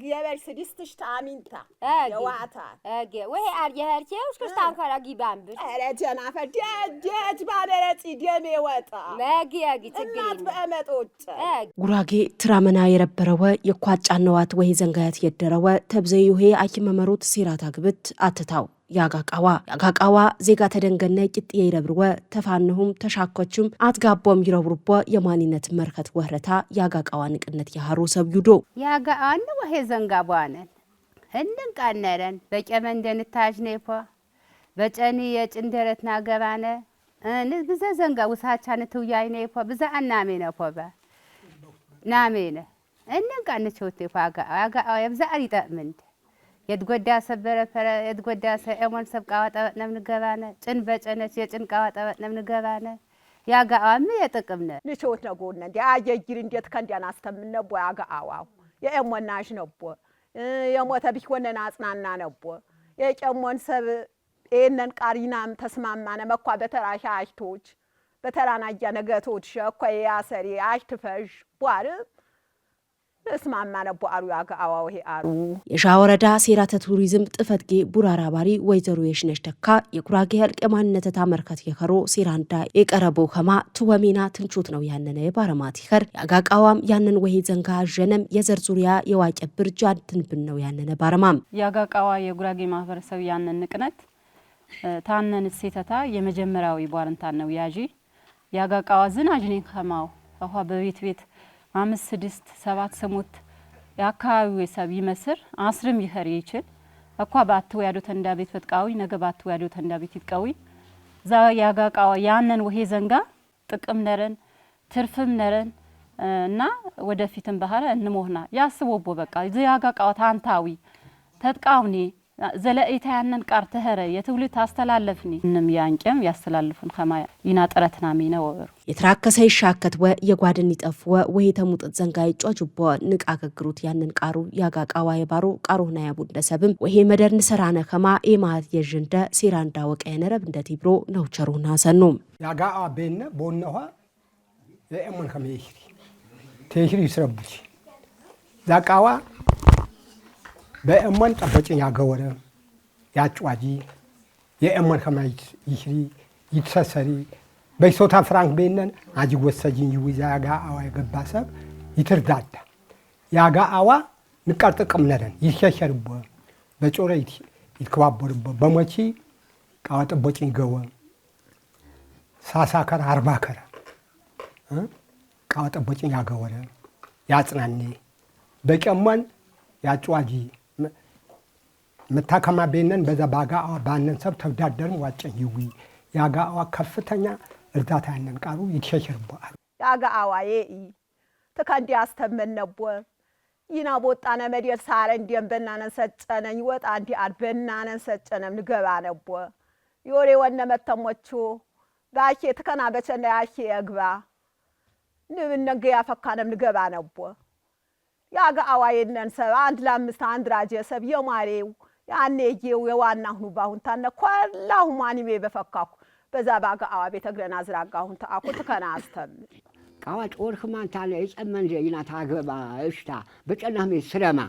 እግዚአብሔር ስድስትሽ ታሚንታ የዋታ አገ ወይ አርየ ሄርቼ ውስጥ ጊባምብ አረጀ ናፈር ደጀት ባደረጽ ደሜ ወጣ ነጊ ያጊ በመጦጭ ጉራጌ ትራመና የረበረወ የኳጫ ወይ ዘንጋያት የደረወ ተብዘይ ይሄ አኪመመሮት ሲራታ ግብት አትታው ያጋቃዋ ያጋቃዋ ዜጋ ተደንገነ ቂጥ የይረብርወ ተፋንሁም ተሻኮችም አትጋቦም ይረብርቦ የማንነት መርከት ወረታ ያጋቃዋ ንቅነት ያሃሩ ሰብዩዶ ያጋአን ወሄ ዘንጋቧነን ህንን ቃነረን በጨመ እንደንታጅኔፖ በጨኒ የጭንደረት ናገባነ ብዘ ዘንጋ ውሳቻን ትውያይኔፖ ብዘ አናሜ ነፖበ ናሜነ እንን ቃንቸውቴፖ አጋ አብዛ አሪጠምንድ የትጎዳ ሰበረ ፈረ የትጎዳ ሰኤሞን ሰብ ቃዋ ጠበጥነም ንገባነ ጭን በጨነች የጭን ቃዋ ጠበጥነም ንገባነ ያጋአም የጥቅምነ ንቾት ነጎነ እንዲ አየጊር እንዴት ከንዲያን አስተምነ ቦ ያጋአዋው የኤሞናሽ ነቦ የሞተ ቢሆነን አጽናና ነቦ የጨሞን ሰብ ኤነን ቃሪናም ተስማማነ መኳ በተራሻ አሽቶች በተራናያ ነገቶች ሸኳ የያሰሪ አሽትፈዥ ቧር እስማማ ነቦ አሉ አገአዋው ይሄ የሻ ወረዳ ሴራተ ቱሪዝም ጥፈትጌ ቡራራ ባሪ ወይዘሮ የሽነሽ ደካ የጉራጌ ህልቅ የማንነት ታመርከት የከሮ ሴራንዳ የቀረቦ ከማ ትወሜና ትንቾት ነው ያነነ የባረማት ይኸር የአጋቃዋም ያንን ወሄ ዘንጋ ዥነም የዘር ዙሪያ የዋጨ ብርጃ ድንብን ነው ያነነ ባረማም የአጋቃዋ የጉራጌ ማህበረሰብ ያንን ንቅነት ታነን ሴተታ የመጀመሪያዊ ቧርንታን ነው ያጂ የአጋቃዋ ዝናጅኔ ከማው አሁን በቤት ቤት አምስት ስድስት ሰባት ስሙት የአካባቢው ሰብ ይመስር አስርም ይኸር ይችል እኳ ያዶ ተንዳ ቤት ፈጥቃዊ ነገ ያዶ ተንዳ ቤት ይትቀዊ ዛ ያጋቃ ያነን ወሄ ዘንጋ ጥቅም ነረን ትርፍም ነረን እና ወደፊትም ባህረ እንሞህና ያስቦቦ በቃ ዚ ያጋቃዋ ታንታዊ ተጥቃውኔ ዘለኢታ ያንን ቃር ተኸረ የትውልድ አስተላለፍኒ እንም ያንቄም ያስተላልፉን ከማ ይና ጥረትና ሚነ ወበሩ የተራከሰ ይሻከት ወ የጓድን ይጠፍ ወ ወይ ተሙጥት ዘንጋ ይጮ ጅቦ ንቃ ገግሩት ያንን ቃሩ ያጋቃዋ የባሩ ቃሩ ቃሩና ያቡንደሰብም ወይ መደር ንሰራነ ከማ ኤማት የዥንደ ሴራ እንዳወቀ የነረብ እንደ ቲብሮ ነው ቸሩና ሰኑ ያጋ አቤነ ቦነኋ ለኤሞን ከመይሽሪ ቴሽሪ ይስረቡች ዛቃዋ በእመን ጠበጭ ያገወረ ያጭዋጂ የእመን ከማይት ይሽሪ ይትሰሰሪ በይሶታ ፍራንክ ቤነን አጅ ወሰጂን ይዊዛ ያጋ አዋ የገባ ሰብ ይትርዳዳ ያጋ አዋ ንቃርጥቅም ነደን ይሸሸርበ በጮረ ይትከባበርቦ በመቺ ቃዋ ጠበጭን ይገወ ሳሳ ከረ አርባ ከረ ቃዋ ጠበጭ ያገወረ ያጽናኔ በቀመን ያጭዋጂ መታከማ ቤነን በዛ ባጋአ ባነን ሰብ ተብዳደርን ዋጨን ይዊ ያጋአዋ ከፍተኛ እርዳታ ያነን ቃሩ ይትሸሽር በአል ያጋአዋ የኢ ትከንዲ አስተመነቦ ይና ቦጣነ መዴል ሳረ እንዲም በናነን ሰጨነኝ ወጣ እንዲ አል በናነን ሰጨነም ንገባ ነቦ ዮሬ ወነ መተሞቹ ጋኬ ትከና በቸነ ያኬ የግባ ንብነገ ያፈካነም ንገባ ነቦ ያጋአዋ የነን ሰብ አንድ ለአምስት አንድ ራጀ ሰብ የማሬው ያኔ እየው የዋና ሁኑ ባሁን ታነ ኮላሁ ማኒሜ በፈካኩ በዛ ባጋ አዋ ቤተ ግረና ዝራጋሁን ተአኩት ከናስተም ቃዋጭ ወርክማንታለ የጸመን ዘይና ታገባ እሽታ በጨናሜ ስለማ